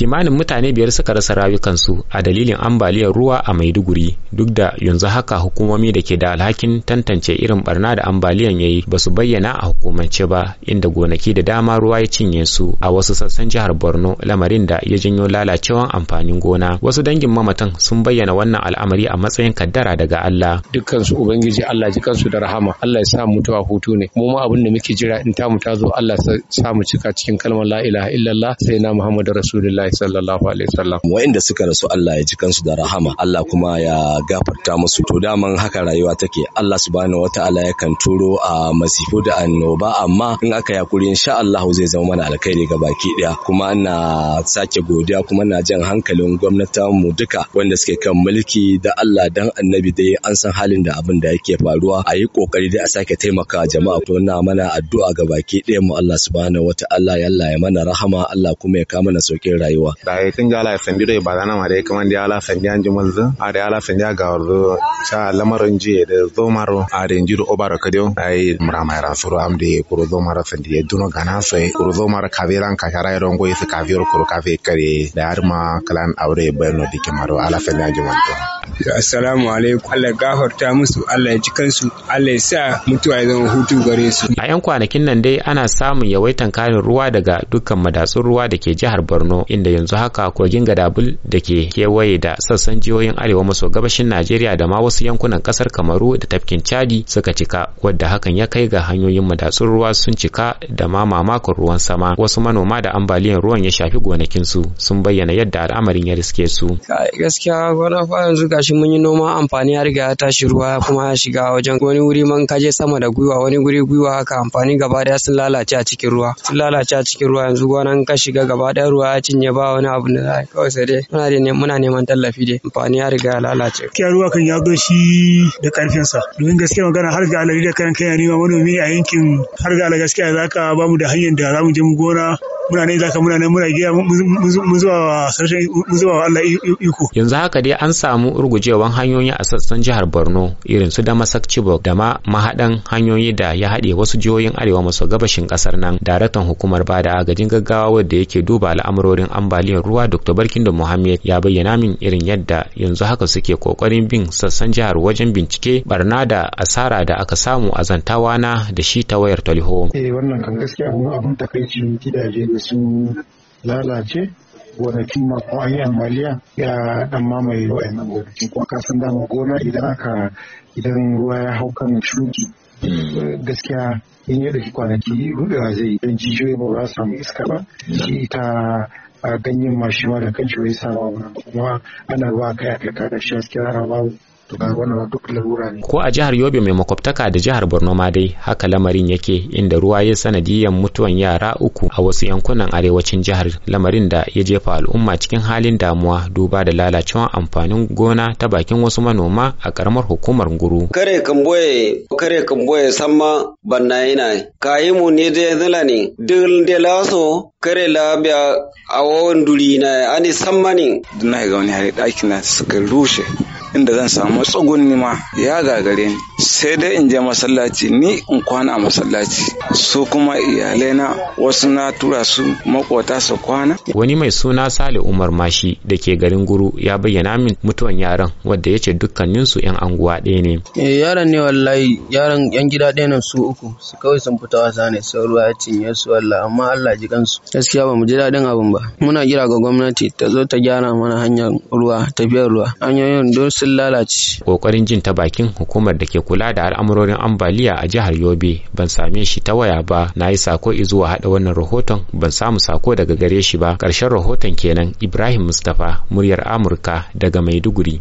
kimanin mutane biyar suka rasa rayukansu a dalilin ambaliyar ruwa a maiduguri duk da yanzu haka hukumomi da ke da alhakin tantance irin barna da ambaliyan yayi ba su bayyana a hukumance ba inda gonaki da dama ruwa ya cinye su a wasu sassan jihar borno lamarin da ya janyo lalacewar amfanin gona wasu dangin mamatan sun bayyana wannan al'amari a matsayin kaddara daga allah dukkansu ubangiji allah ji kansu da rahama allah ya sa mutuwa hutu ne mu abin da muke jira in tamu ta zo allah ya sa mu cika cikin kalmar la ilaha illallah sai na muhammadu rasulullahi rasulullahi sallallahu alaihi wasallam wa'inda suka rasu Allah ya ji kansu da rahama Allah kuma ya gafarta musu to daman haka rayuwa take Allah subhanahu wataala kan turo a masifu da annoba amma in aka yakuri insha Allah zai zama mana alkhairi ga baki daya kuma ina sake godiya kuma na jan hankalin gwamnatin mu duka wanda suke kan mulki da Allah dan annabi dai an san halin da abin da yake faruwa a yi kokari dai a sake taimaka jama'a to na mana addu'a ga baki daya mu Allah subhanahu wataala yalla ya mana rahama Allah kuma ya kama mana saukin rayuwa wa dai tinja ala fendi do ibadana mare kamandi ala fendi anju mulza ade ala fendi aga ordo cha lamarin ji de zo maro ade njiru obara kadio ai mrama era suru amde kuro zo mara fendi duno gana so kuro zo mara kaveran kakara ero ngoyi se kavioro kuro kave kare da arma kalan aure bayno dikemaro ala fendi anju mulza assalamu alaikum Allah gafarta musu Allah ya ji kansu Allah ya sa mutuwa ya zama hutu gare su a yan kwanakin nan dai ana samun yawaitan karin ruwa daga dukkan madatsun ruwa da ke jihar Borno inda yanzu haka kogin Gadabul da ke kewaye da sassan jihohin arewa maso gabashin Najeriya da ma wasu yankunan kasar Kamaru da tafkin Chadi suka cika wadda hakan ya kai ga hanyoyin madatsun ruwa sun cika da ma mamakon ruwan sama wasu manoma da ambaliyar ruwan ya shafi gonakinsu sun bayyana yadda al'amarin ya riske su gaskiya gona fara yanzu ga shi mun yi noma amfani ya riga ya tashi ruwa kuma ya shiga wajen wani wuri man kaje sama da gwiwa wani guri gwiwa haka amfani gaba daya sun lalace a cikin ruwa sun lalace a cikin ruwa yanzu gonan ka shiga gaba daya ruwa ya cinye ba wani abu da za kawai sai dai muna neman tallafi dai amfani ya riga ya lalace kiya ruwa kan ya zo shi da karfin sa domin gaskiya magana har ga alari da karan kai ne manomi a yankin har ga gaskiya zaka ba mu da hanyar da za mu je mu gona muna ne zaka muna ne muna giya mun zuwa sarshen mun zuwa Allah iko yanzu haka dai an samu urgujewan hanyoyi a sassan jihar Borno irin su da Chibok da ma mahadan hanyoyi da ya haɗe wasu jihohin arewa maso gabashin kasar nan daraktan hukumar bada agajin gaggawa wanda yake duba al'amurorin ambaliyar ruwa Dr. Barkindo Muhammad ya bayyana min irin yadda yanzu haka suke kokarin bin sassan jihar wajen bincike barna da asara da aka samu a zantawa na da shi ta wayar talho eh wannan kan gaskiya mun abun takaici gidaje da sun lalace gonakin ma an yi ambaliya ya dan mamaye wa'annan gonakin kuma ka san dama gona idan aka idan ruwa ya hau kan shuki hmm. gaskiya in ya daki kwanaki rubewa zai don jijiyoyi ba za samu iska ba hmm. shi ita ganyen mashi ma da kan shi wai sama kuma ana ruwa kai a kai kada shi gaskiya ana babu ko a jihar Yobe mai makwabtaka da jihar Borno ma dai haka lamarin yake inda ruwa ya sanadiyan mutuwan yara uku a wasu yankunan arewacin jihar lamarin da ya jefa al'umma cikin halin damuwa duba da lalacewar amfanin gona ta bakin wasu manoma a karamar hukumar Nguru kare kamboye kare kamboye samma banna yana kayi mu ne da ne dil de laso kare labiya a wawan duri na ani samma ne na ga wani hari na suka rushe inda zan samu tsugunni ma ya gagare ni sai dai in je masallaci ni in kwana a masallaci su kuma iyalai wasu na tura su makota su kwana wani mai suna sale umar mashi da ke garin guru ya bayyana min mutuwan yaran wadda ya ce dukkanin su yan anguwa ɗaya ne eh, yaran ne wallahi yaran yan gida ɗaya nan su uku su kawai sun fita wasa ne sai ruwa ya cinye su wallahi amma Allah ji kansu gaskiya ba mu ji daɗin abin ba muna kira ga gwamnati ta zo ta gyara mana hanyar ruwa tafiyar ruwa hanyoyin don sun lalace kokarin jin ta bakin hukumar da ke kula da al'amurorin ambaliya a jihar Yobe ban same shi ta waya ba na yi sako zuwa hada wannan rahoton ban samu sako daga gare shi ba ƙarshen rahoton kenan Ibrahim Mustapha muryar Amurka daga Maiduguri